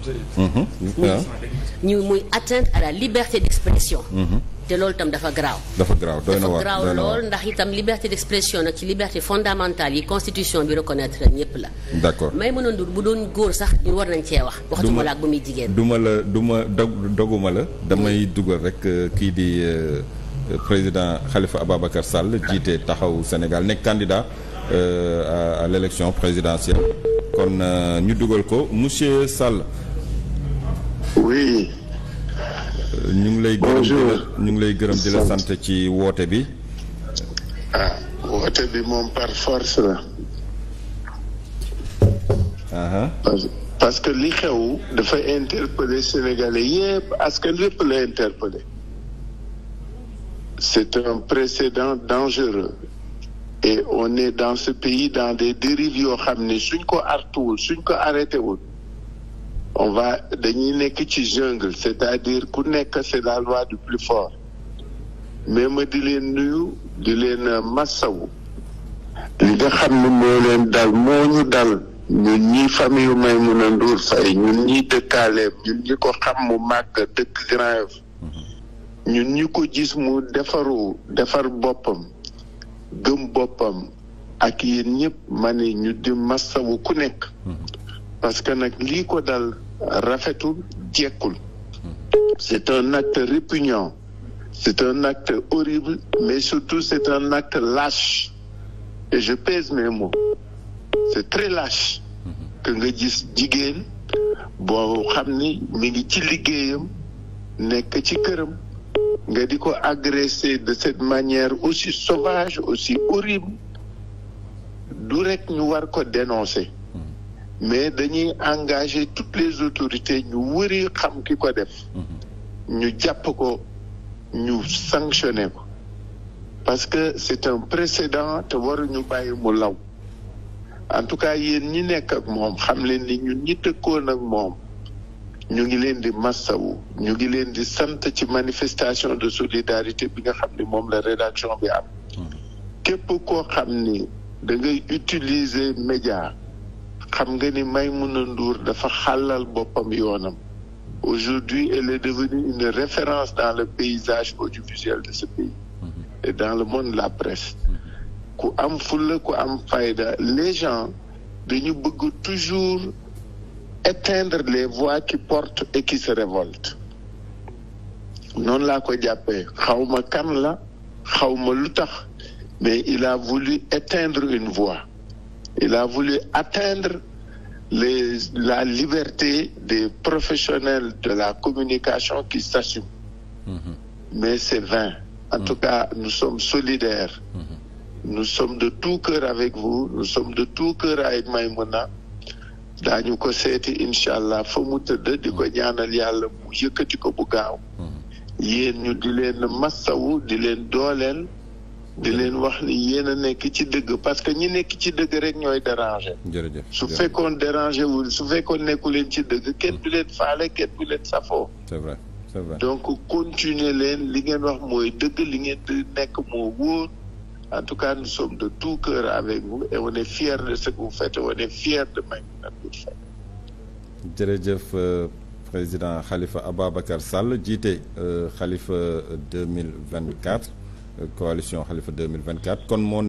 Mm-hmm. Mm-hmm. ñu muy atteinte à la liberté d'expression mm-hmm. te loolu tam dafa garaaw dafa garaaw na waar dafa garaaw lool ndax itam liberté d'expression nag ci liberté fondamentale yi constitution bi reconnaître la ñëpp la d'accord may mën a ndur bu doon góor sax ñu war nañ cee wax waxtuma la ak bu muy jigéen du ma la du ma dog doguma la damay dugal rek euh, kii di euh, président Khalifa Ababacar Sall jiite taxaw Sénégal nekk candidat euh, à l'élection présidentielle kon ñu dugal ko monsieur Sall oui. ñu ngi lay gërëm ñu ngi lay gërëm di la sant ci woote bi. ah woote bi moom par force la. parce que li xew dafa interpeller sénégalais yépp askan yépp la interpeller c'est un précédent dangereux et on est dans ce pays dans des dérives yoo xam ne suñ ko artuwul suñ ko arrêté wul on va dañuy nekk ci jungle c'est-à-dire ku nekk c'est la loi du plus fort mais ma di leen nuyu di leen massawu li nga xam ne moo leen dal moo ñu dal ñun ñii famille Maïmouna Ndour Faye ñun ñii dëkkaaleem ñun ñi ko xam mu màgg dëkk Grand ñun ñi ko gis mu defaru defar boppam gëm boppam ak yéen ñëpp ma ne ñu di massawu ku nekk parce que nag lii ko dal rafetu jekkul c'est un acte répugnant c'est un acte horrible mais surtout c'est un acte lâche et je pèse mes mots c'est très lâche que nga gis jigéen boo xam ni mi ngi ci liggéeyam nekk ci këram nga di ko agresser de cette manière aussi sovage aussi horrible du rekk ñu war ko dénoncer mais dañuy engager toutes les autorités ñu wëri xam ki ko def ñu jàpp ko ñu sanctionné ko parce que c'est un précédent te waruñu bàyyi mu law en tout cas yéen ñi nekk ak moom xam leen ni ñun ñi tëkkoon ak moom ñu ngi leen di massawu ñu ngi leen di sant ci manifestation de solidarité bi nga xam ni moom la rédaction bi am mm-hmm. képp koo xam ni da ngay utiliser média xam nga ni may a Ndour dafa xalal boppam yoonam aujourd'hui elle est devenue une référence dans le paysage audiovisuel de ce pays mhm. et dans le monde de la presse mhm. ku am fulla ku am fayda les gens dañu bëgg toujours éteindre les voix qui portent et qui se révoltent noonu la ko jàppe xaw ma kan la xaw ma lu tax mais il a voulu éteindre une voix il a voulu atteindre les, la liberté des professionnels de la communication qui s'assument. Mhm. Mais c'est vain. En mmh. tout cas, nous sommes solidaires. Mmh. Nous sommes de tout cœur avec vous. Nous sommes de tout cœur avec Maïmouna. daañu ko seeti incha allah fa mu tëdd di ko mhm. ñaanal yàlla mu yëkkati ko bu gaaw. Mhm. yéen ñu di leen massawu di leen dooleel. di leen wax ni yéen a nekk ci dëgg parce que ñi nekk ci dëgg rek ñooy déranger. jërëjëf su fekkoon déranger wul su fekkoon nekku leen ci dëgg kenn du leen faale kenn du safoo. donc continuer leen li ngeen wax mooy dëgg li ngeen di nekk moo wóor en tout cas nous sommes de tout cœur avec vous et on est fiers de ce que vous faites on est fiers de Maïmouna Ndour Faye. jërëjëf euh, président Khalifa Ababacar Sall jiite euh, Khalifa coalition Khalifa 2024 kon moo